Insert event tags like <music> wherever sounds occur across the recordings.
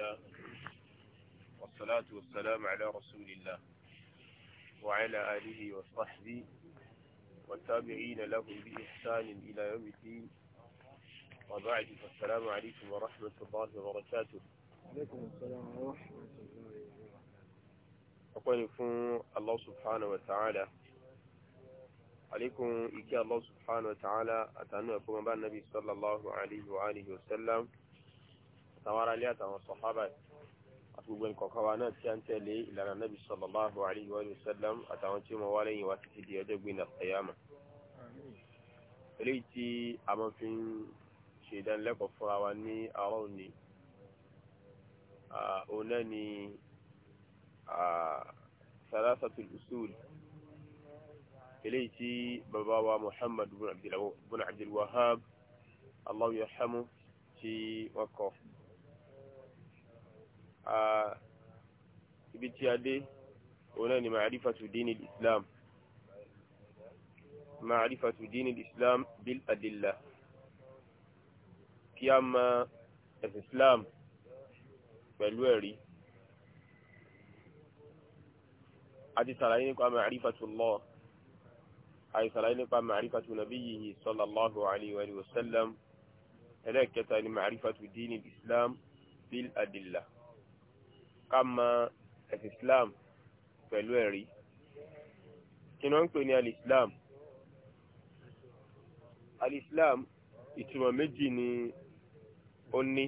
الله والصلاة والسلام على رسول الله وعلى آله وصحبه والتابعين لهم بإحسان إلى يوم الدين وبعد فالسلام عليكم ورحمة الله وبركاته عليكم السلام ورحمة الله وبركاته أقول فون الله سبحانه وتعالى عليكم إكي الله سبحانه وتعالى أتعنوا أبو النبي صلى الله عليه وآله وسلم àtàwọn ará ilé àtàwọn sọ̀hábà àti gbogbo nǹkan wa náà tí a ń tẹ̀lé ìlànà nàbì sallallahu alaihi wa sallam àtàwọn tí wọ́n wá lẹ́yìn wá títí di ọjọ́ gbé nàfẹ̀yàmà. eléyìí tí a máa fi ń ṣe ìdánilẹ́kọ̀ọ́ fúnra wa ní àárọ̀ òní òun náà ni salasatul usul eléyìí tí bàbá wa muhammad bin abdul wahab allah yarhamu wọ́n kọ́. ibi tí a dé òun náà ni ma'rifatu dini islam ma'rifatu dini islam bil adilla kí a mọ ẹ̀sìn islam pẹ̀lú ẹ̀rí a ti sàlàyé nípa ma'rifatu Allah a ti sàlàyé nípa ma'rifatu nabiyyihi sallallahu alayhi wa sallam ẹlẹ́ẹ̀kẹta ni ma'rifatu dini islam bil adilla. ká mọ ẹ̀sìn islam pẹ̀lú ẹ̀rí kí wọ́n ń pè ní alislam alislam ìtumọ̀ méjì ni ó ní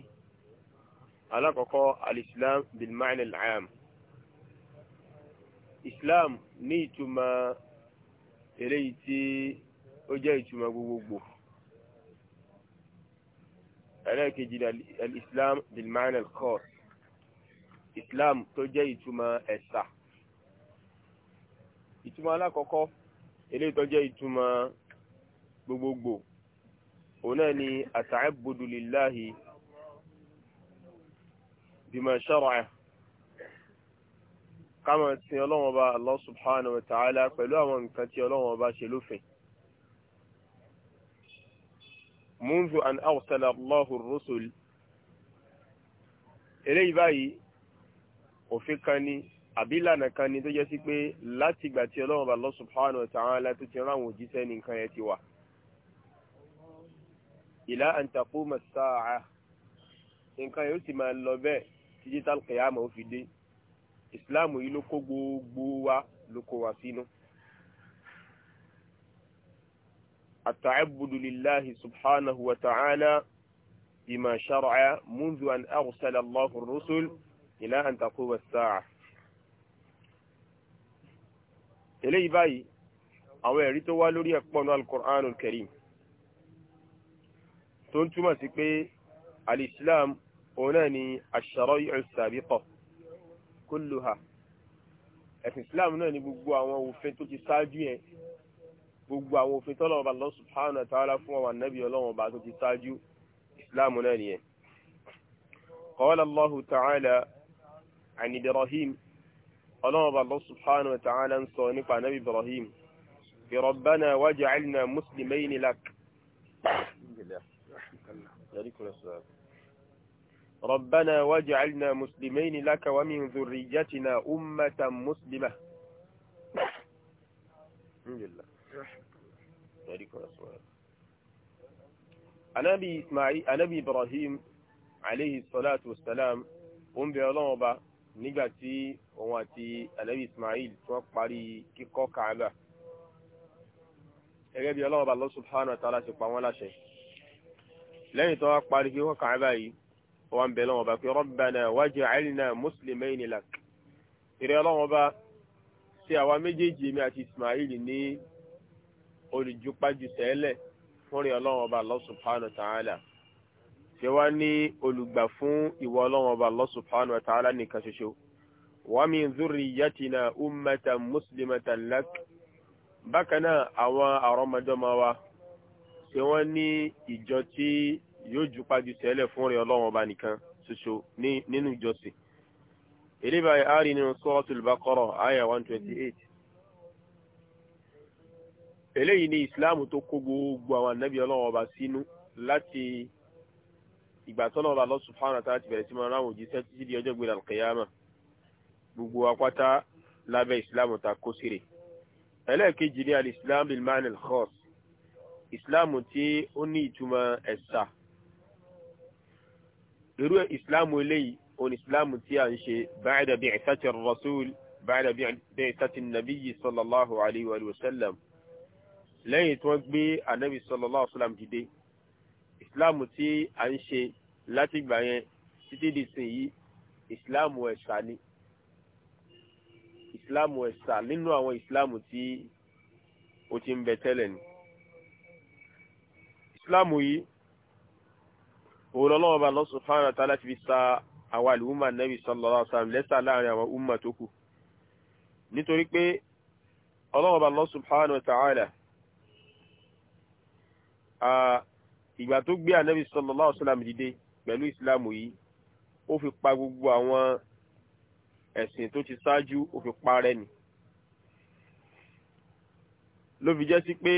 alákọ̀ọ́kọ́ alislam bil ma'na al'am islam ní ìtumọ̀ eléyìí tí ó jẹ́ ìtumọ̀ gbogbogbò ẹlẹ́ẹ̀kejì ni alislam bil ma'na islam tó jẹ́ ìtumọ̀ ẹ̀sà ìtumọ̀ alákọ̀ọ́kọ́ eléyìí tó jẹ́ ìtumọ̀ gbogbogbò òun náà ni ata'abbudu lillahi bima shar'a káma sin ọlọ́wọ́n bá allah subhanahu wa ta'ala pẹ̀lú àwọn nǹkan tí ọlọ́wọ́n bá ṣe lófin منذ أن أرسل الله الرسل إليه báyìí òfin kan ni àbí ìlànà kan ni tó jẹ́ sí pé láti ìgbà tí ọlọ́run bá Allah subhanahu wa ta'ala tó ti rán àwọn òjíṣẹ́ ní nǹkan yẹn ti wà. ìlà an taquma nǹkan yóò sì máa lọ bẹ́ẹ̀ títí tálkìyàmà ó fi dé ìsìláàmù yìí ló kó gbogbo wa ló kó wa sínú. التعبد لله سبحانه وتعالى بما شرع منذ أن أرسل الله الرسل ìlà an taquma as-sa'a eléyìí báyìí àwọn ẹ̀rí tó wá lórí ẹ̀pọ̀nù al-Qur'anul Karim tó ń túmọ̀ sí pé al-Islam òun náà ni ash-shara'i' as-sabiqa kulluha ẹ̀sìn Islam náà ni gbogbo àwọn òfin tó ti ṣáájú yẹn gbogbo àwọn òfin tọ́lọ̀ ọba Allah subhanahu wa ta'ala fún ọwà nẹ́bí ọlọ́wọ̀n ọba tó ti ṣáájú Islam náà nìyẹn qala Allahu ta'ala عن إبراهيم قالوا الله سبحانه وتعالى صانق عن نبي إبراهيم ربنا وجعلنا مسلمين لك ربنا وجعلنا مسلمين لك ومن ذريتنا أمة مسلمة أنا بإسماعي أنا إبراهيم عليه الصلاة والسلام أم بألوبة nígbà tí òun àti anabi ismail tí wọ́n parí kíkọ́ kaaba gẹ́gẹ́ bí ọlọ́wọ́ bá Allah subhanahu wa ta'ala ṣe pa wọ́n láṣẹ lẹ́yìn tó wá parí kíkọ́ kaaba yìí wọ́n ń bẹ lọ́wọ́ bá pé rabbana waj'alna muslimayni lak ìrẹ́ ọlọ́wọ́ bá ṣe àwa méjèèjì èmi àti ismail ní olùjúpájú sẹ́lẹ̀ fún ọlọ́wọ́ bá Allah subhanahu wa ṣe wá ní olùgbà fún ìwọ ọlọ́run ọba Allah subhanahu wa ta'ala nìkan ṣoṣo wa min zurriyatina ummatan muslimatan lak bákan náà àwọn àrọ́mọdọ́mọ wa ṣe wọ́n ní ìjọ tí yóò ju pàjù sẹ́lẹ̀ fún rẹ̀ ọlọ́run ọba nìkan ṣoṣo nínú ìjọsìn èdè báyìí a nínú Suratul Baqara àyà 128 eléyìí ni ìsìláàmù tó kó gbogbo àwọn ànábì ọba sínú láti ìgbà tọ́lọ̀ ọba Allah subhanahu wa ta'ala ti bẹ̀rẹ̀ sí máa ráwọn òjíṣẹ́ títí di ọjọ́ gbéra alkiyama gbogbo apáta lábẹ́ ìsìláàmù ta kó sírè ẹlẹ́ẹ̀kejì ní alìsìláàmù bil ma'na al-khass ìsìláàmù tí ó ní ìtumọ̀ ẹ̀sà irú ìsìláàmù eléyìí òun ìsìláàmù tí a ń ṣe ba'da bi'thati ar-rasul ba'da bi'thati an-nabiyyi sallallahu alayhi wa sallam lẹ́yìn tí wọ́n gbé láti ìgbà yẹn títí di sìn yìí ìsìláàmù ẹ̀ṣà ni ìsìláàmù ẹ̀ṣà nínú àwọn ìsìláàmù tí ó ti ń bẹ tẹ́lẹ̀ ni ìsìláàmù yìí òun ọlọ́wọ́ bá lọ́sùn fáwọn àtàlá ti fi sa àwọn àlùmọ́ ànẹ́bí sallallahu alaihi wasallam lẹ́sà láàrin àwọn umma tó kù nítorí pé ọlọ́wọ́ bá lọ́sùn fáwọn àtàlá ìgbà tó gbé ànẹ́bí sallallahu alaihi wasallam dìde pẹ̀lú ìsìláàmù yìí ó fi pa gbogbo àwọn ẹ̀sìn tó ti ṣáájú ó fi parẹ́ ni ló fi jẹ́ sí pé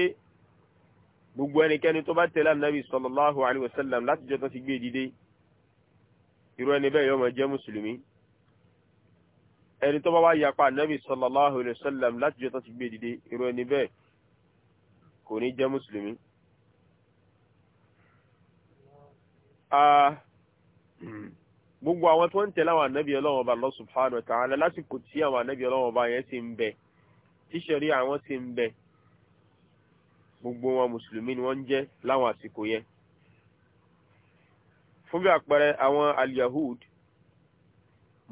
gbogbo ẹnikẹ́ni tó bá tẹ̀lé ànábì sallallahu alayhi wa sallam látijọ́ tó ti gbé dìde irú ẹni bẹ́ẹ̀ yóò máa jẹ́ mùsùlùmí ẹni tó bá wá yapa ànábì sallallahu alayhi wa sallam látijọ́ tó ti gbé dìde irú ẹni bẹ́ẹ̀ kò ní jẹ́ mùsùlùmí. gbogbo àwọn tó ń tẹ̀lé àwọn ànábì ọlọ́wọ́n ọba Allah subhanahu wa ta'ala lásìkò tí àwọn ànábì ọlọ́wọ́n ọba yẹn ti ń bẹ tíṣẹ̀rí àwọn ti ń bẹ gbogbo wọn mùsùlùmí ni wọ́n ń jẹ́ láwọn àsìkò yẹn. fún bí àpẹẹrẹ àwọn al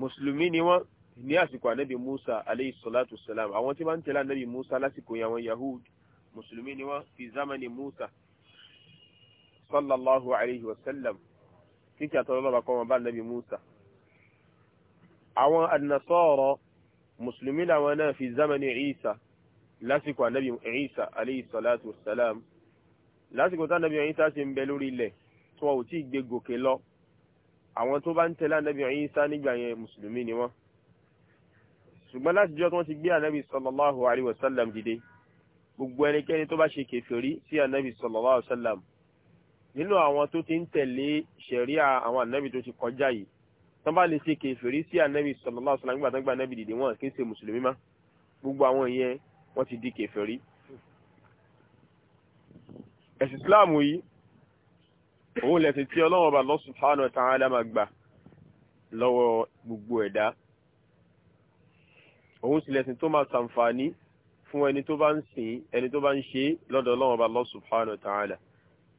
mùsùlùmí ni wọ́n ní àsìkò ànábì musa aleyhi salatu salam àwọn tí wọ́n ń tẹ̀lé ànábì musa lásìkò yẹn àwọn yahud mùsùlùmí ni wọ́n fi zamani musa sallallahu alayhi wa sallam kíkí àtọ́lọ́lọ́bà kọ́ wọn bá nàbí musa àwọn annasọ́rọ̀ musulmi làwọn náà fi zamani isa lásìkò ànábì isa alayhi salatu wasalam lásìkò tá ànábì isa ti ń bẹ lórí ilẹ̀ tí wọn ò tí ì gbé gòkè lọ àwọn tó bá ń tẹ̀lé ànábì isa nígbà yẹn musulmi ni wọn ṣùgbọ́n láti jọ́ tí wọ́n ti gbé ànábì sallallahu alayhi wa sallam dìde gbogbo ẹnikẹ́ni tó bá ṣe kèfèrí sí ànábì sallallahu alayhi wa sallam nínú àwọn tó ti ń tẹ̀lé ṣẹ̀ríà àwọn ànábì tó ti kọjá yìí tán bá lè ṣe kèfèrí sí ànábì sallallahu alaihi wasallam nígbà tó gba ànábì dìde wọn kì í ṣe mùsùlùmí má gbogbo àwọn ìyẹn wọ́n ti di kèfèrí. ẹ̀sìn islam yìí òun lẹ̀sìn tí ọlọ́wọ́n bá Allah subhanahu wa ta'ala máa gbà lọ́wọ́ gbogbo ẹ̀dá òun sì lẹ̀sìn tó máa ṣàǹfààní fún ẹni tó bá ń sìn ẹni tó bá ń ṣe lọ́dọ̀ ọlọ́wọ́n bá Allah subhanahu wa ta'ala.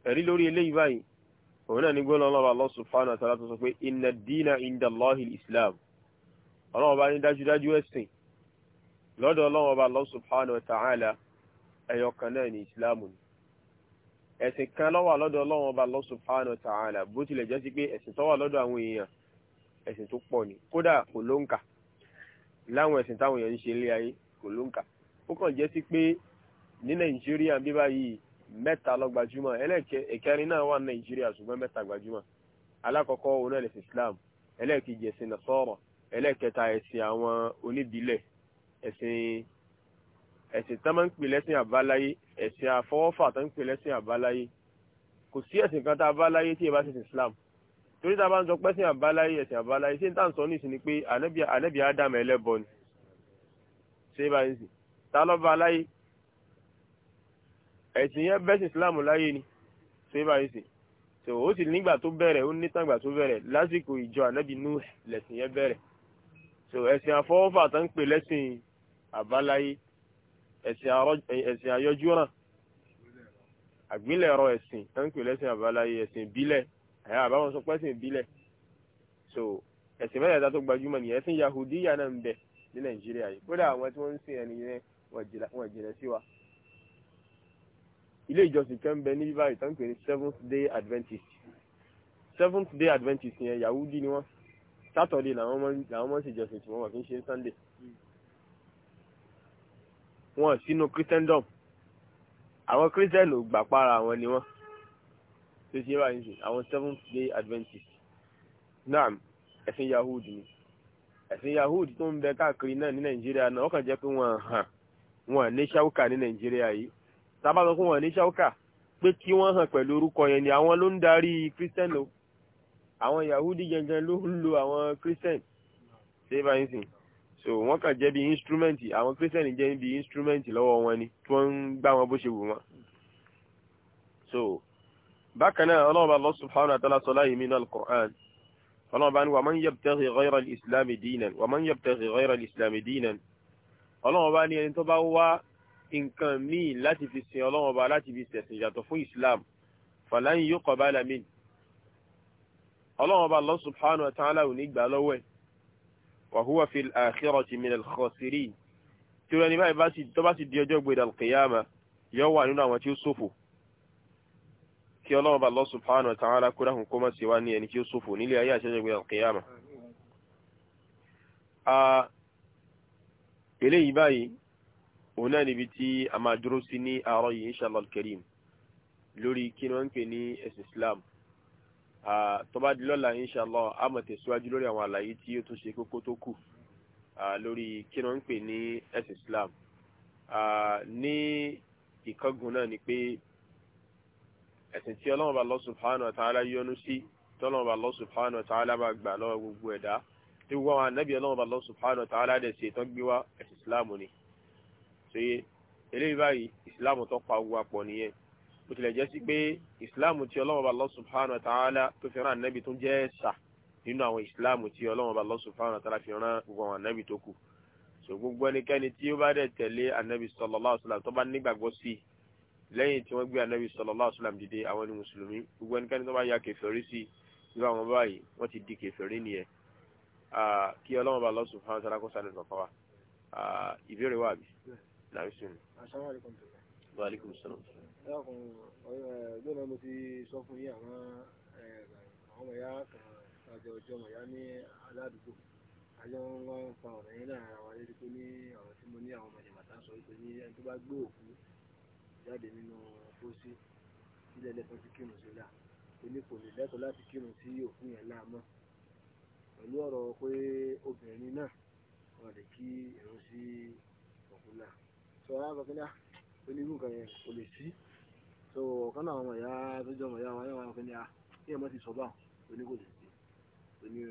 ẹ̀rí lórí eléyìí báyìí òun náà ní gbọ́n lọ́wọ́ Allah subhanahu wa ta'ala tó pé inna dina inda islam ọlọ́wọ́ bá ní dájúdájú ẹ̀sìn lọ́dọ̀ ọlọ́wọ́ bá Allah subhanahu wa ta'ala náà ní ẹ̀sìn kan lọ́dọ̀ ọlọ́wọ́ bá bó tilẹ̀ jẹ́ sí pé ẹ̀sìn lọ́dọ̀ àwọn èèyàn ẹ̀sìn tó pọ̀ ni kódà kò ló ń kà láwọn ẹ̀sìn mẹ́ta ló gbajúmọ̀ ẹlẹ́ẹ̀kẹrin náà wà ní nàìjíríà ṣùgbọ́n mẹ́ta gbajúmọ̀ alákọ̀ọ́kọ́ òun náà lẹ̀sìn islam ẹlẹ́ẹ̀kejì ẹ̀sìn nasọ́rọ̀ ẹlẹ́ẹ̀kẹta ẹ̀sìn àwọn oníbílẹ̀ ẹ̀sìn ẹ̀sìn tán máa ń pè lẹ́sìn àbáláyé ẹ̀sìn àfọwọ́fà tán ń pè lẹ́sìn àbáláyé kò sí ẹ̀sìn kan tá a bá láyé tí ẹ bá ṣẹ̀sìn islam torí tá a bá ń sọ pé ẹ̀sìn àbáláyé ẹ̀sìn àbáláyé ṣé n tá à ń sọ nísìnyí pé ànábì ànábì ádámù ẹlẹ́bọ ni ṣé bá ń sìn tá a lọ́ bá láyé ẹ̀sìn yẹn bẹ́sìn islam láyé ni ṣé báyìí sìn tó o sì nígbà tó bẹ̀rẹ̀ ó nítàgbà tó bẹ̀rẹ̀ lásìkò ìjọ ànábì Nuh lẹ̀sìn yẹn bẹ̀rẹ̀ tó ẹ̀sìn àfọwọ́fà tó ń pè lẹ́sìn àbáláyé ẹ̀sìn àyọjúràn àgbélẹ̀rọ ẹ̀sìn tó ń pè lẹ́sìn àbáláyé ẹ̀sìn ìbílẹ̀ àyà àbáwọn sọ pẹ́sìn ìbílẹ̀ so ẹ̀sìn mẹ́tẹ̀ẹ̀ta tó gbajúmọ̀ nìyẹn ẹ̀sìn yahudiya náà ń bẹ ní nàìjíríà yìí kódà àwọn tí wọ́n ń sìn ẹni yẹn wọ́n jìnà sí wa ilé ìjọsìn kan bẹ níbí báyìí tán pè ní seventh day adventist seventh day adventist yẹn yahudi ni wọ́n saturday làwọn máa ń ṣèjọsìn tí wọ́n wà kí n ṣe sunday wọn sínú christendom àwọn christian ò gbà para àwọn ni wọ́n tó ṣe báyìí ṣe àwọn seventh day adventist naam ẹ̀sìn yahudi ni ẹ̀sìn yahudi tó ń bẹ káàkiri náà ní nàìjíríà náà wọ́n kàn jẹ́ pé wọ́n hàn wọ́n ní ṣáwùkà ní nàìjíríà yìí tàbá fún wọn ní ṣáúkà pé kí wọ́n hàn pẹ̀lú orúkọ yẹn ni àwọn ló ń darí christian o àwọn yahudi gangan ló ń lo àwọn christian save and so wọ́n kàn jẹ́ bí instrument àwọn christian jẹ́ bí instrument lọ́wọ́ wọn ni tí wọ́n ń gbá wọn bó ṣe wù wọn so bákan náà ọlọ́ọ̀bá Allah subhanahu wa ta'ala sọ láyé mi náà quran ọlọ́run bá ní wà mọ́ ń yẹ̀bùtẹ́rì ọ̀rọ̀ ìsìlámì dínà wà mọ́ ń yẹ̀bùtẹ́rì ọ̀rọ̀ ìsìlámì dínà ọlọ́run bá ní ẹni tó bá wá nǹkan míì láti fi sin ọlọ́wọ́n ọba láti fi sẹ̀sìn yàtọ̀ fún islam falan yuqbala min ọlọ́wọ́n ọba Allah subhanahu wa ta'ala ò ní gbà lọ́wọ́ ẹ̀ wa huwa fil akhirati minal khasirin tí ó rẹni báyìí tó bá sì di ọjọ́ gbé dàlùkìyàmà yóò wà nínú àwọn tí ó ṣòfò kí ọlọ́wọ́n bá lọ subhanahu wa ta'ala kó má ṣe wá ní ẹni tí ó ṣòfò nílé ayé àṣẹjọ gbé dàlùkìyàmà. eléyìí báyìí òun náà níbi tí a máa dúró sí ní àárọ̀ yìí inshallah al-karim lori kí ni wọ́n ń pè islam tó bá di lọ́la inshallah a máa tẹ̀síwájú lórí àwọn àlàyé tí ó tún ṣe kókó tó kù lórí kí ni wọ́n ń pè ní ẹ̀sìn islam ní ìkángun náà ni pé ẹ̀sìn tí ọlọ́run bá Allah subhanahu wa ta'ala yọ́nú sí tọ́lọ́run bá Allah subhanahu wa ta'ala bá gbà lọ́wọ́ gbogbo ẹ̀dá tí wọ́n wà nábì ọlọ́run bá Allah subhanahu wa ta'ala dẹ̀ ṣe tán gbé islam ni ṣeye eléyìí báyìí ìsìláàmù tó pa ogun apọ̀ nìyẹn bó tilẹ̀ jẹ́ sí pé ìsìláàmù tí Ọlọ́hun Ọba Allah subhanahu wa ta'ala tó fi rán ànábì tó jẹ́ ẹ̀sà nínú àwọn ìsìláàmù tí Ọlọ́hun Ọba Allah subhanahu wa ta'ala fi rán gbogbo àwọn ànábì tó kù so gbogbo ẹnikẹ́ni tí ó bá dẹ̀ tẹ̀lé ànábì sallallahu alaihi wasallam tó bá nígbàgbọ́ sí lẹ́yìn tí wọ́n gbé ànábì sallallahu alaihi wasallam dìde àwọn ni mùsùlùmí gbogbo ẹnikẹ́ni tó bá ya kèfèrí sí irú àwọn báyìí wọ́n ti di kèfèrí nìyẹn ah, kí Ọlọ́hun Ọba Allah subhanahu wa ta'ala kó sànù ah, ìbéèrè wà bí làwọn sùn. asalaamualeykum. waaleykum salaam. dákun lónà mo ti sọ fún yín àwọn àwọn ọmọ ya kan àjọ ọjọ́ ọmọ ya ní aládùúgbò àjọ ń wá ń fa ọ̀rọ̀ yín láàrin àwọn ayélujára pé ni ọ̀rọ̀ tí mo ní àwọn ọmọ ìjàmbá tá a sọ wípé ní ẹni tó bá gbé òkú jáde nínú pósí sílẹ̀ lẹ́tọ́ sí kírun sí là èmi kò lè lẹ́tọ̀ọ́ láti kírun sí òkú yẹn láàmọ́ pẹ̀lú ọ̀rọ̀ pé obìnrin náà wọ́n lè kí irun sí òkú náà so eh, alábọ̀ kí ní onírú nǹkan yẹn kò lè sí so ọ̀kan náà ọmọ ìyá tó jẹ́ ọmọ ìyá wa yẹn wà kí ní a kí ẹ̀mọ́ ti sọ bá òní kò lè sí òní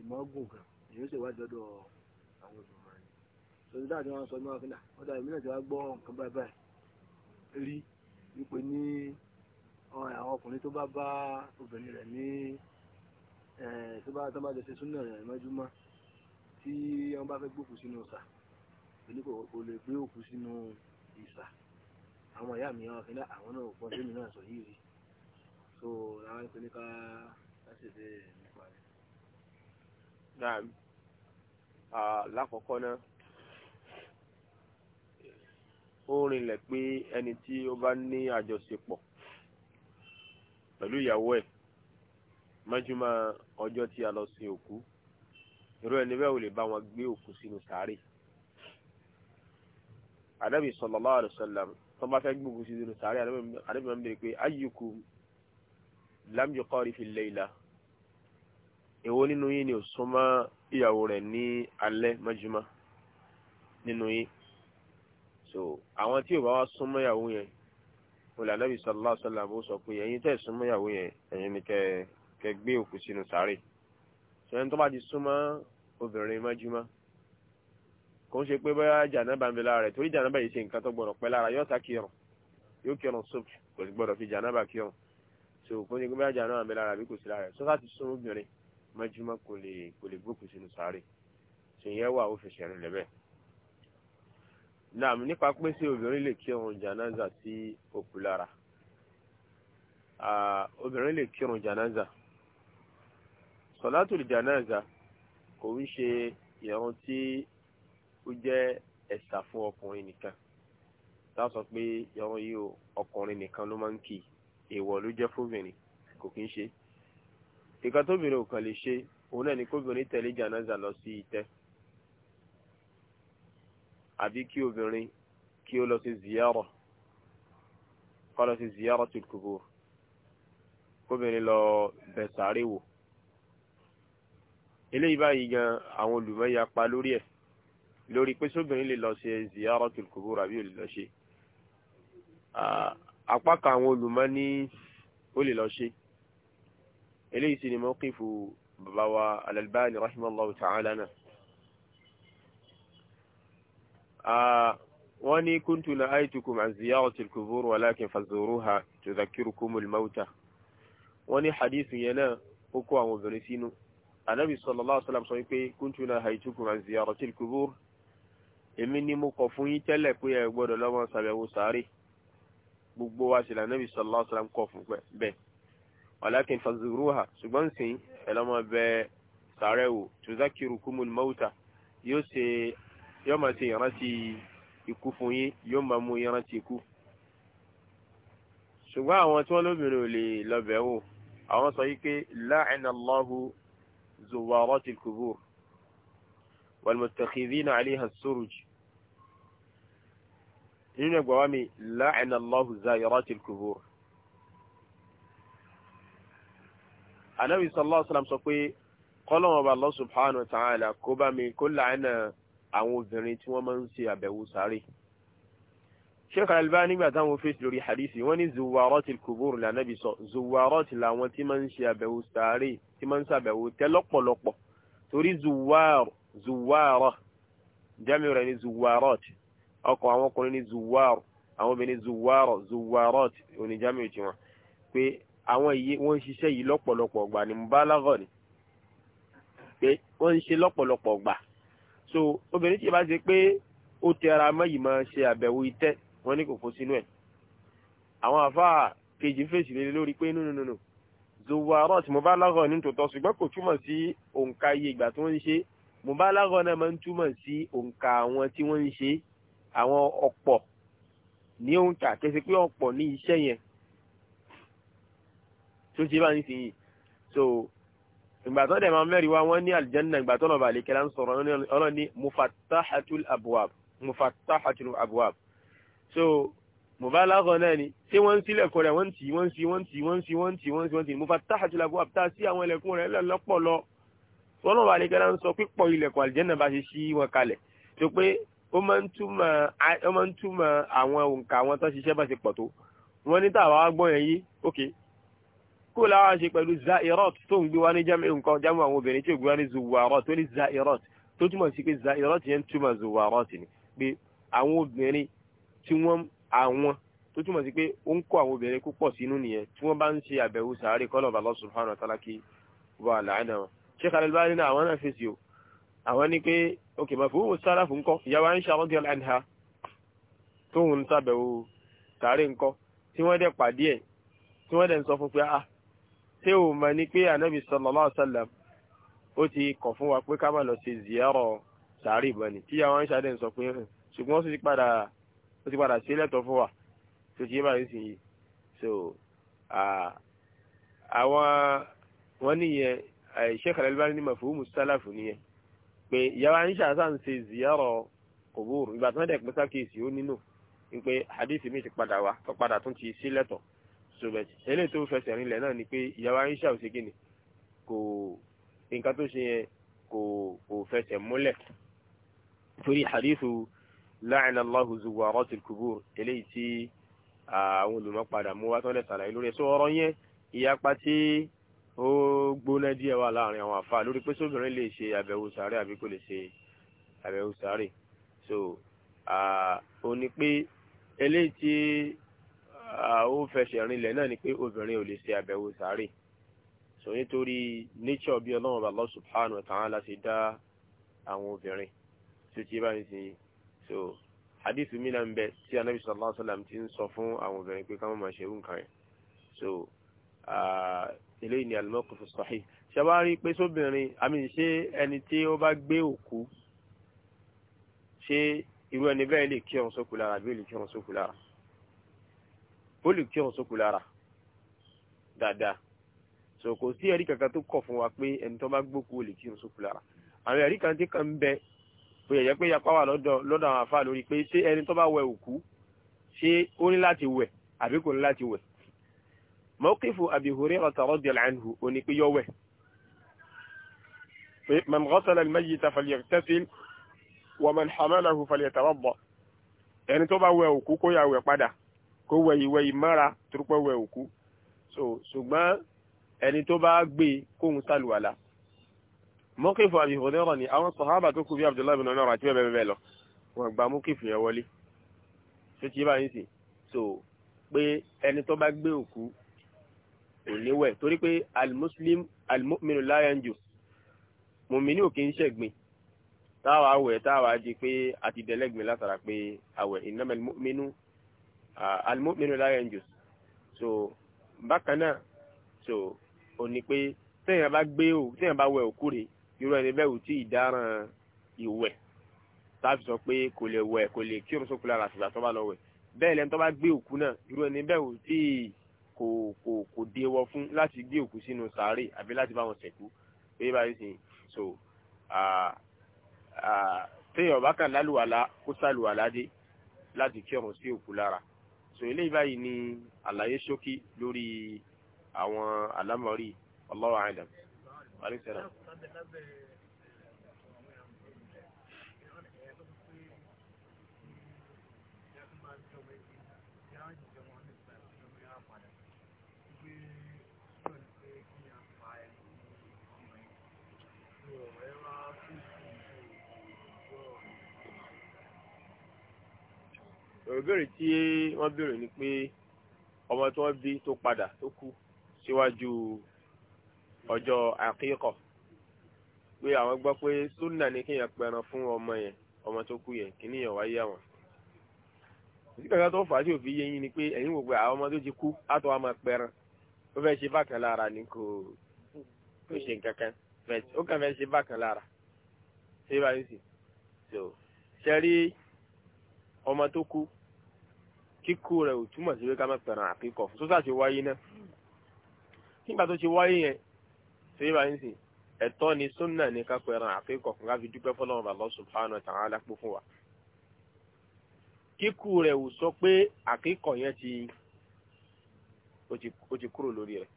ìmọ̀ọ́gùn kan èyí sì wájú ọ̀dọ̀ àwọn olùmọ̀ rẹ̀ so ní dáàdì wọn sọ ní wọn kí ní ọ̀dà èmi náà ti wá gbọ́ nǹkan báyìí báyìí rí wípé ní àwọn ọkùnrin tó bá bá obìnrin rẹ̀ ní eh, tó bá tó bá jẹ ṣe súnà rẹ̀ mọ́júmọ́ tí wọ́n bá fẹ́ gbókùn sínú ọ̀sà pẹ̀lú kò lè gbé òkú sínú ìsà àwọn ìyá mi àwọn fẹ́lá àwọn náà gbọ́n sínú náà sọ yìí rí so àwọn ìpínlẹ̀ ká láti ṣe nípa rẹ̀. naam lákọ̀ọ́kọ́ náà ó rinlẹ̀ pé ẹni tí ó bá ní àjọṣepọ̀ pẹ̀lú ìyàwó ẹ̀ mọ́júmọ́ ọjọ́ tí a lọ sin òkú irú ẹni bẹ́ẹ̀ ò lè bá wọn gbé òkú sínú sàárè anabi sallallahu alayhi wa sallam tó bá fẹ́ gbógun sí nínú sàárẹ̀ anabi máa ń bèrè pé ayyukum lam yuqari fi layla èwo nínú yín ni ò súnmọ́ ìyàwó rẹ̀ ní alẹ́ mọ́júmọ́ nínú yín so àwọn tí ò bá wá súnmọ́ ìyàwó yẹn olè anabi sallallahu alayhi wa sallam ó sọ pé ẹ̀yin tẹ́ súnmọ́ ìyàwó yẹn ẹ̀yin ni kẹ́ kẹ́ gbé òkú sínú sàárẹ̀ sọ ẹni tó bá ti súnmọ́ obìnrin mọ́júmọ́ kò ń ṣe pé bóyá jànábà ń bẹ lára rẹ̀ torí jànábà yìí ṣe nǹkan tó gbọ́dọ̀ pẹ́ lára yóò sá kírun yóò kírun sóòpù kò sì gbọ́dọ̀ fi jànábà kírun so kò ń ṣe pé bóyá jànábà ń bẹ lára àbí kò sí lára rẹ̀ sọ́sà ti sún obìnrin mọ́júmọ́ kò lè kò lè gbókùn sínú sáré ṣe yẹn wà ó fẹsẹ̀ rìn lẹ́bẹ̀. naam nípa pé ṣé obìnrin lè kírun jànáza sí òkú lára obìnrin lè kírun jànáza sọ̀látùl ó jẹ́ ẹ̀sà fún ọkùnrin nìkan tá a sọ pé ìrun yìí o ọkùnrin nìkan ló máa ń kì èèwọ̀ ló jẹ́ fóbìnrin kò kí ń ṣe ìkan tóbìnrin ò kàn lè ṣe òun náà ni kóbìnrin tẹ̀lé jànáza lọ sí ìtẹ́ àbí kí obìnrin kí ó lọ sí ziyara kó lọ sí ziyaratul kubur kóbìnrin lọ bẹ̀ wò eléyìí báyìí gan àwọn olùmọ̀ yapa lórí ẹ̀ lórí pé sóbìnrin lè lọ ṣe ziyaratul kubur àbí olè lọ ṣe ah, apá kan àwọn olùmọ̀ ní ó lè lọ ṣe eléyìí sì ni mọ́kìfù bàbá wa Al-Albani rahimallahu ta'ala náà ah, wọ́n ní kúntù na aitukum an ziyaratil kubur walakin fazuruha tudhakirukumul mauta wọ́n ní hadithu yẹn náà ó àwọn obìnrin sínú anabi sallallahu alaihi wasallam sọ wípé kúntù na aitukum an ziyaratil èmi ni mo kọ̀ fún yín tẹ́lẹ̀ pé ẹ gbọ́dọ̀ lọ́mọ sàbẹ̀wò sáré gbogbo wa sì lànàbì sallallahu alaihi wasallam kọ̀ fún bẹ́ẹ̀ walakin fazuruha ṣùgbọ́n sìn ẹ lọ́mọ bẹ sáré wò tuzakirukumul mauta yóò ṣe yóò máa ṣe ìrántí ikú fún yín yóò máa mú ìrántí ikú ṣùgbọ́n àwọn tí wọ́n lóbìnrin ò lè lọ́bẹ̀ wò àwọn sọ yí pé la'ana Allahu zuwaratil qubur wal muttakhidhina 'alayha as-suruj nínú ẹgbàá wa mi la'ana Allahu zayaratil qubur. anabi sallallahu alaihi wasallam sọ pé kọ́lọ́wọ́n ọba Allah subhanahu wa ta'ala kó bá mi kó làánà àwọn obìnrin tí wọ́n máa ń ṣe àbẹ̀wò sáré. Sheikh Al-Albani nígbà táwọn fèsì lórí hadisi wọ́n ní zuwaratil qubur lànàbì sọ zuwaratil làwọn tí máa ń ṣe àbẹ̀wò sáré tí máa ń ṣàbẹ̀wò tẹ́ lọ́pọ̀lọpọ̀ torí zuwar zuwara jami rẹ̀ ní zuwarat ọkọ̀ àwọn ọkùnrin ní zuwaro àwọn obìnrin zuwaro zuwarot oníjàmíù tí wọn pé àwọn iye wọ́n ń ṣiṣẹ́ yìí lọ́pọ̀lọpọ̀ ọgbà ní mubalaghọ̀ ni pé wọ́n ń ṣe lọ́pọ̀lọpọ̀ ọgbà so obìnrin tí ì bá ṣe pé ó tẹra mọ́yì máa ṣe àbẹ̀wò itẹ́ wọn ní kò kó sínú ẹ̀ àwọn àfáà kejì ń fèsì lé lórí pé nínú nínú zuwarot mubalaghọ̀ ní tòótọ́ ṣùgbọ́n kò túmọ̀ sí òǹkà iye ìgbà tí wọ́n ń ṣe mubalaghọ̀ náà máa ń túmọ̀ sí òǹkà àwọn tí wọ́n ń ṣe é àwọn ọ̀pọ̀ ní òǹkà kẹsí pé ọ̀pọ̀ ní iṣẹ́ yẹn tó ṣe bá ń sìn yìí so ìgbà tó dẹ̀ máa mẹ́rin wá wọ́n ní àlìjẹ́nà ìgbà tó lọ́ba àlékẹ́lá ń sọ̀rọ̀ ọlọ́ni mufatahatul abwab mufatahatul abwab so mubalaghọ náà ni ṣé wọ́n ń sílẹ̀ kọ́ rẹ̀ wọ́n ti wọ́n ti wọ́n ti wọ́n ti wọ́n ti wọ́n ti wọ́n ti mufatahatul abwab tá a sí àwọn ẹlẹ́kùn rẹ̀ lọ́pọ̀ lọ tọ́lọ́ba àlékẹ́lá ń sọ pípọ̀ ilẹ̀kùn àlìjẹ́nà bá ṣe ṣí wọn kalẹ̀ tó pé ó máa ń túmọ̀ ó máa ń túmọ̀ àwọn òǹkà àwọn tó ṣiṣẹ́ bá ṣe pọ̀ tó wọ́n ní tàwa wá gbọ́n yẹn yí ókè kó láwa ṣe pẹ̀lú zairot tó ń gbé wá ní jámẹ́ nǹkan jámẹ́ àwọn obìnrin tí ò gbé wá ní zuwarot tó ní zairot tó túmọ̀ sí pé zairot yẹn túmọ̀ zuwarot ni pé àwọn obìnrin tí wọ́n àwọn tó túmọ̀ sí pé ó ń kó àwọn obìnrin púpọ̀ sínú nìyẹn tí wọ́n bá ń ṣe àbẹ̀wò sàárè kọ́nà àwọn náà fèsì o àwọn ní pé ok mafhumu sálàfù ńkọ́ ìyàwó Aisha radiyallahu anha tóun sàbẹ̀wò sàárè ńkọ́ tí wọ́n dẹ̀ pàdé ẹ̀ tí wọ́n dẹ̀ ń sọ fún pé ah ṣé o mọ̀ ní pé anabi sallallahu alaihi wasallam ó ti kọ̀ fún wa pé ká má lọ ṣe ziyarọ̀ sàárè mọ́ ni tí ìyàwó Aisha dẹ̀ ń sọ pé ṣùgbọ́n ó ti padà ó lẹ́tọ̀ fún wa tó ti yé báyìí sì yìí so àwọn wọ́n níyẹn Sheikh al pé ìyàwó Aisha sáà ń ṣe ziyarọ kòbóòrò ìgbà tí wọ́n dẹ̀ pín sákèsì ó nínú wípé hadith mi ti padà wá tó padà tún ti sí lẹ́tọ̀ ṣùgbọ́n eléyìí tó fẹsẹ̀ rinlẹ̀ náà ni pé ìyàwó Aisha ò ṣe kí ni kò nǹkan tó ṣe yẹn kò kò fẹsẹ̀ múlẹ̀ torí hadithu la'ana Allahu zuwaratil qubur eléyìí tí àwọn olùmọ̀ padà mú wá tó lẹ̀ sàlàyé lórí ẹ̀sọ́ ọ̀rọ̀ ó gbóná díẹ̀ wà láàrin àwọn àfa lórí pé sóbìnrin lè ṣe àbẹ̀wò sàárè àbí kò lè ṣe àbẹ̀wò sàárè so ó ní pé eléyìí tí ó fẹsẹ̀ rinlẹ̀ náà ni pé obìnrin ò lè ṣe àbẹ̀wò sàárè so nítorí nature bí ọlọ́run Allah subhanahu wa ta'ala ṣe dá àwọn obìnrin tó ti bá ń sin so hadith mi náà ń bẹ tí anabi sallallahu wa wasallam ti ń sọ fún àwọn obìnrin pé ká má máa ṣerú nǹkan yẹn so. Uh, eléyìí ni al-mawqif as-sahih ṣàbárí pé sóbìnrin àmì ṣé ẹni tí ó bá gbé òkú ṣé irú ẹni bẹ́ẹ̀ lè kírun sókù lára bí ó lè kírun sókù lára ó lè kírun sókù lára dáadáa so kò sí ẹ̀rí kankan tó kọ̀ fún wa pé ẹni tó bá gbókù ó lè kírun sókù lára àwọn ẹ̀rí kan tí kan ń bẹ bóyá yẹ pé yapa wà lọ́dọ̀ lọ́dọ̀ àwọn afá lórí pé ṣé ẹni tó bá wẹ òkú ṣé ó ní láti wẹ̀ àbí kò ní láti wẹ̀ mọ́kífù Abi Hurairah radiyallahu anhu ó ní pé yọ́wẹ̀ pé man ghasala al-mayyita falyaghtasil wa man hamalahu falyatawadda ẹni tó bá wẹ òkú kó yà wẹ̀ padà kó wẹ̀ ìwẹ̀ ìmára torípọ̀ wẹ òkú ṣùgbọ́n ẹni tó bá gbé e, kóhun sálùwàlà mọ́kífù Abi Hurairah ni àwọn sàhábà tó kú bí Abdullahi bin Umar àti bẹ́ẹ̀ bẹ́ẹ̀ lọ wọn gba mọ́kífù yẹn wọlé ṣé tí yé bá yín sìn so pé ẹni tó bá gbé òkú kò níwẹ̀ torí pé almuslim almu'minu la yanjus mùmíní ò kì í ṣẹ̀gbìn táwa awẹ̀ táwa di pé a ti dẹlẹ́gbìn látara pé awẹ̀ innamal mu'minu almu'minu la yanjus so bákan náà so ò ní pé téèyàn bá gbé o téèyàn bá wẹ òkúre irú ẹni bẹ́ẹ̀ ò tí ì dáràn ìwẹ̀ táàbì sọ pé kò lè wẹ̀ kò lè kírun sókè lára àtìgbà tó bá lọ wẹ̀ bẹ́ẹ̀ lẹ́ni tó bá gbé òkú náà irú ẹni bẹ́ẹ̀ tí ì kò kò kò déwọ fún láti gbé òkú sínú sàárè àbí láti bá wọn sẹ̀kú pé báyìí sìn so téèyàn bá kàn lálùwàlá kó sàlùwàlá dé láti kírun sí òkú lára so eléyìí báyìí ni àlàyé ṣókí lórí àwọn àlámọ̀rí Allahu a'lam. ìbéèrè tí wọ́n béèrè ni pé ọmọ tí wọ́n bí tó padà tó kú síwájú ọjọ́ àkíkọ̀ pé àwọn gbọ́ pé súnà ní kéèyàn pẹran fún ọmọ yẹn ọmọ tó kú yẹn kí níyàn wáyé àwọn. ìdíkàkà tó fà á sí òfin yé yín ni pé ẹ̀yin wò pé àwọn ọmọ tó ti kú àtọ́ àmọ́ pẹran ó fẹ́ ṣe bákan lára ni kò kò ṣe nǹkan ó kàn fẹ́ ṣe bákan lára ṣé báyìí sì ṣe rí ọmọ tó kú kíkó rẹ̀ ò túmọ̀ sí pé ká má pẹ̀ràn àkíkọ̀ sósà ṣe wáyé náà nígbà tó ṣe wáyé yẹn ṣe yíba yín sìn ẹ̀tọ́ ni sunna ni ká pẹ̀ràn àkíkọ̀ fún ká fi dúpẹ́ fọlọ́run Allah subhanahu wa ta'ala pọ̀ fún wa kíkó rẹ̀ ò sọ pé àkíkọ̀ yẹn ti ó ti kúrò lórí rẹ̀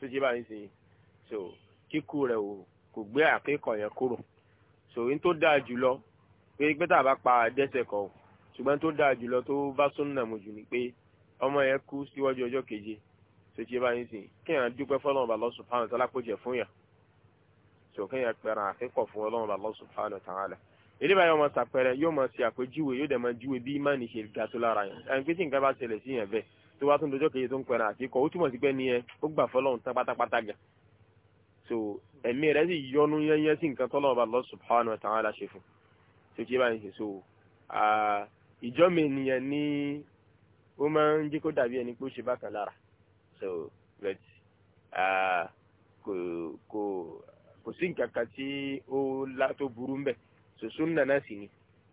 tó ṣe yíba yín sìn so kíkó rẹ̀ ò kò gbé àkíkọ̀ yẹn kúrò so n tó dáa jùlọ pé pé tá a bá pa dẹ́sẹ̀ kan ṣùgbọ́n tó dáa jùlọ tó bá súnà mọ̀ jù ni pé ọmọ yẹn kú síwájú ọjọ́ keje tó ti bá yín sìn kí yàn dúpẹ́ fọlọ́run bá Allah subhanahu wa ta'ala kó jẹ fún yàn tó kí yàn pẹ̀rẹ̀ àkẹ́kọ̀ọ́ fún ọlọ́run bá Allah subhanahu wa ta'ala èdè báyọ̀ máa ṣàpẹrẹ yóò máa ṣe àpèjúwe yóò dẹ̀ júwe bí ìmánì ṣe ga tó lára yàn ẹni pé tí nǹkan bá ṣẹlẹ̀ sí yàn bẹ́ẹ̀ tó bá tún dọjọ́ keje tó ń pẹ̀rẹ̀ àkẹ́kọ̀ọ́ ó túmọ̀ sí pé ni ẹ ó gbà fọlọ́run tán pátápátá gan so ẹ̀mí rẹ̀ sì yọnu yẹnyẹn sí nǹkan tọ́lọ́run bá Allah subhanahu wa ta'ala ṣe fún tó ti bá yín ṣe so ìjọ́mọ ènìyàn ní ó máa ń jẹ́ kó dàbí ẹni pé ó ṣe bákan lára so but kò kò kò sí nǹkan kan tí ó lá tó burú mbẹ soso nna sì ni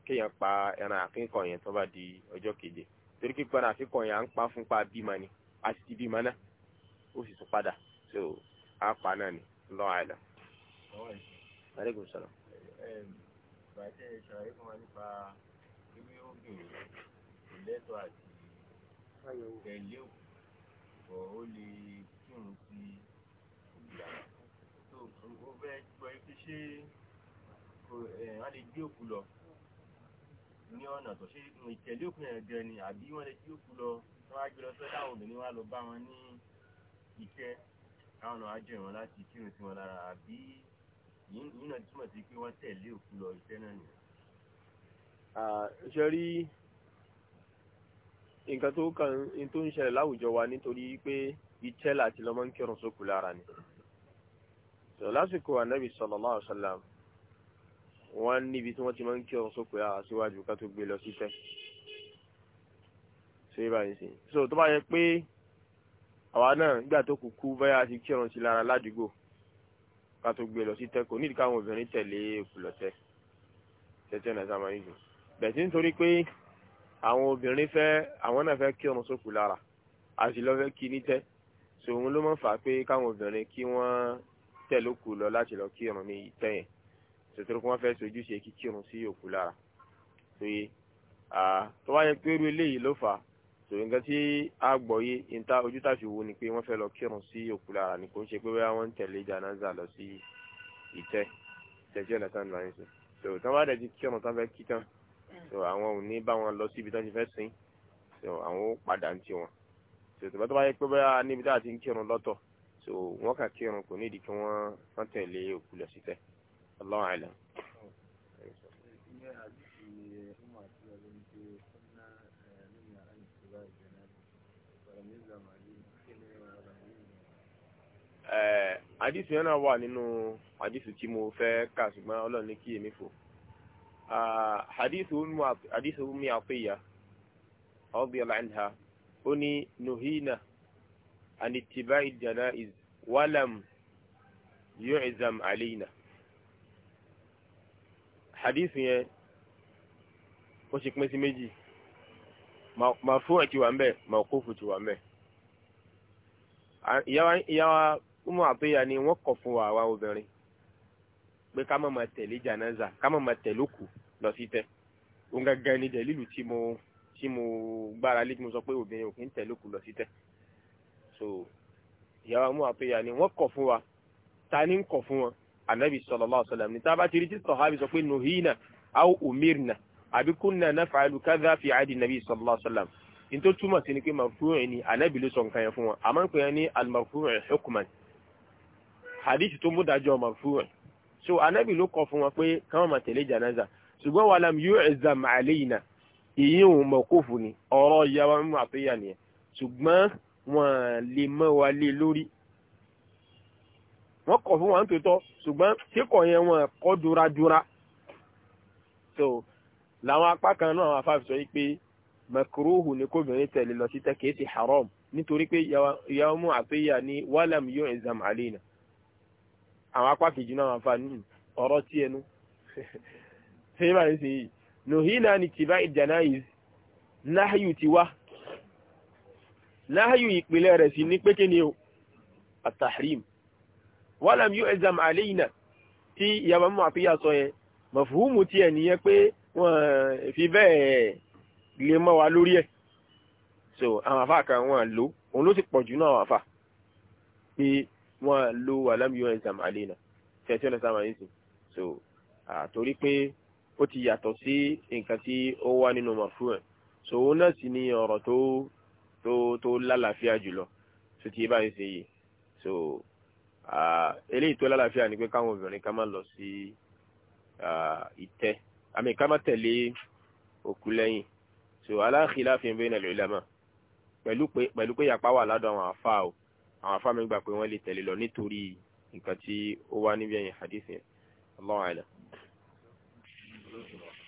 kéèyàn pa ẹran àkínkàn yẹn tó bá di ọjọ́ keje torí pípa ẹran àkínkàn yẹn à ń pa fún pa bímọ ni a sì ti bímọ náà ó sì tún padà so a pa náà ni lọ́wọ́ àìlá. aleykum salaam. ẹ ẹ bàtẹ́ ìṣàlàyé fún wa nípa èèyàn kò lẹ́tọ̀ àti tẹ̀lé òkú bọ̀ ó lè kírun sí òbíà tó o fẹ́ gbọ́ pé ṣé wọ́n lè gbé òkú lọ ní ọ̀nà tó ṣe ìtẹ̀lé òkú yẹn gẹ ni àbí wọ́n lè gbé òkú lọ wọ́n wá gbé lọ sọ́dọ̀ àwọn obìnrin wá lọ bá wọn ní iṣẹ́ káwọn náà á jẹ́ ìwọ̀n láti kírun sí wọn lára àbí yìí náà túmọ̀ sí pé wọ́n tẹ̀lé òkú lọ iṣẹ́ náà nìyẹn ṣe rí nǹkan tó kàn ń tó ń ṣẹlẹ̀ láwùjọ wa nítorí pé iṣẹ́ láti lọ́mọ ń kírun sókù lára ni sọ lásìkò ànábì sallallahu alaihi wasallam wọ́n níbi tí wọ́n ti máa ń kírun sókù lára síwájú ká tó gbé lọ sí tẹ́ ṣe é báyìí sí so tó bá yẹ pé àwa náà nígbà tó kúkú báyà ti kírun sí lára ládùúgbò ká tó gbé lọ sí tẹ́ kò nídìí káwọn obìnrin tẹ̀lé òkú tẹ́tẹ́ náà sá máa ń yùn bẹ̀sí nítorí pé àwọn obìnrin fẹ́ àwọn náà fẹ́ kí ọmọ sókù lára àti lọ́ fẹ́ kí ní tẹ́ so òun ló máa ń fà á pé káwọn obìnrin kí wọ́n tẹ̀ lókù lọ láti lọ kí ọmọ mi tẹ́ yẹn sòtòrò kí wọ́n fẹ́ sojúṣe kíkí ọmọ sí òkú lára so yé tó wáyé pé irú eléyìí ló fà á so nǹkan tí a gbọ́ yé níta ojú tàfi wo ni pé wọ́n fẹ́ lọ kírun sí òkú lára ni kò ń ṣe pé bóyá wọ́n tẹ̀lé jànáza lọ sí ìtẹ́ tẹ̀sí tán lọ́yìn sí so tán bá dẹ̀ ti kírun tán fẹ́ kí tán so àwọn ò ní bá wọn lọ síbi tó ti fẹ́ sìn so àwọn ó padà ń ti wọn so tó bá tó bá yẹ pé bá níbi tá a ti ń kírun lọ́tọ̀ so wọ́n kà kírun kò nídìí kí wọ́n wọ́n tẹ̀lé òkú lọ sí tẹ̀ Allahu a'lam. àdìsí yẹn náà wà nínú àdìsí tí mo fẹ́ kà ṣùgbọ́n ọlọ́run ní kí èmi fò hadith ummi atiya radiyallahu anha ó ní nuhina an ittiba'i janaiz walam yu'zam alayna hadith yẹn ó ṣe pín sí méjì màfúwà ti wà ń bẹ màkófù ti wà ń bẹ ìyáwá umu àpéyà ni wọ́n kọ̀ fún wa àwa obìnrin pé ká má máa tẹ̀lé jànáza ká má máa tẹ̀lé òkú lọ sí tẹ òun gangan ni dẹ̀lílù tí mo tí mo gbára lé tí mo sọ pé obìnrin ò kí ń tẹ̀lé lọ sí tẹ so ìyàwó amú àpéyà ni wọ́n kọ̀ fún wa ta ni ń kọ̀ fún wọn anabi sallallahu alaihi wasallam ni tá a bá ti rí tí sọ̀hábì sọ pé nuhina aw umirna àbí kunna naf'alu kadha fi adi nabi sallallahu alaihi wasallam nítorí túmọ̀ sí ni pé marfu'i ni anabi ló sọ nǹkan yẹn fún wọn àmọ́ nǹkan yẹn ní al-marfu'i hukman hadith tó mú dájọ́ marfu'i so anabi ló kọ fún wọn pé káwọn máa tẹ̀lé janaza ṣùgbọ́n walam yu'zam alayna ìyíhùn mọ̀kófù ni ọ̀rọ̀ ìyàwó mímọ̀ àtúnyà nìyẹn ṣùgbọ́n wọn lè mọ́ wa lé lórí wọ́n kọ̀ fún wa ń tòótọ́ ṣùgbọ́n kíkọ̀ yẹn wọn kọ́ duradura so làwọn apá kan náà àwọn afáfi sọ yìí pé makruhu ni kóbìnrin tẹ̀lé lọ sí tẹ́kẹ̀ẹ́ ti haram nítorí pé ìyàwó mímọ̀ àtúnyà ni walam yu'zam alayna àwọn apá kejì náà àwọn afáfi ọ̀rọ̀ tí ẹnu <laughs> ṣe bá ní sí yìí nùhínà ni tìbá ìjànáyìí náhàyù ti wá náhàyù ìpìlẹ̀ rẹ̀ sí ní pékè ní àtàhrim wọ́làm yóò ẹzàm àléyìnà tí ìyàmà mú àfíyà sọ yẹn mọ̀fúhùmù tí ẹ̀ nìyẹn pé wọ́n fi bẹ́ẹ̀ lè mọ́ wa lórí ẹ̀ so àwọn àfá kan wọ́n lò òun ló sì pọ̀ jù náà àwọn àfá pé wọ́n lò wọ́làm yóò ẹzàm àléyìnà so àtorí ó ti yàtọ̀ sí nǹkan tí ó wà nínú màfú ẹ̀ sòwò náà sì ni ọ̀rọ̀ tó tó tó lálàáfíà jùlọ tó ti báyìí ṣe yìí so eléyìí tó lálàáfíà ni pé káwọn obìnrin ká má lọ sí ìtẹ́ àmì ká má tẹ̀lé òkú lẹ́yìn so ala khilafin bayna al-ulama pẹ̀lú pé pẹ̀lú pé yàpá wà ládùn àwọn afá o àwọn afá mi gbà pé wọ́n lè tẹ̀lé lọ nítorí nǹkan tí ó wá níbi ẹ̀yìn hadith yẹn Allahu a'lam. Jerusalem.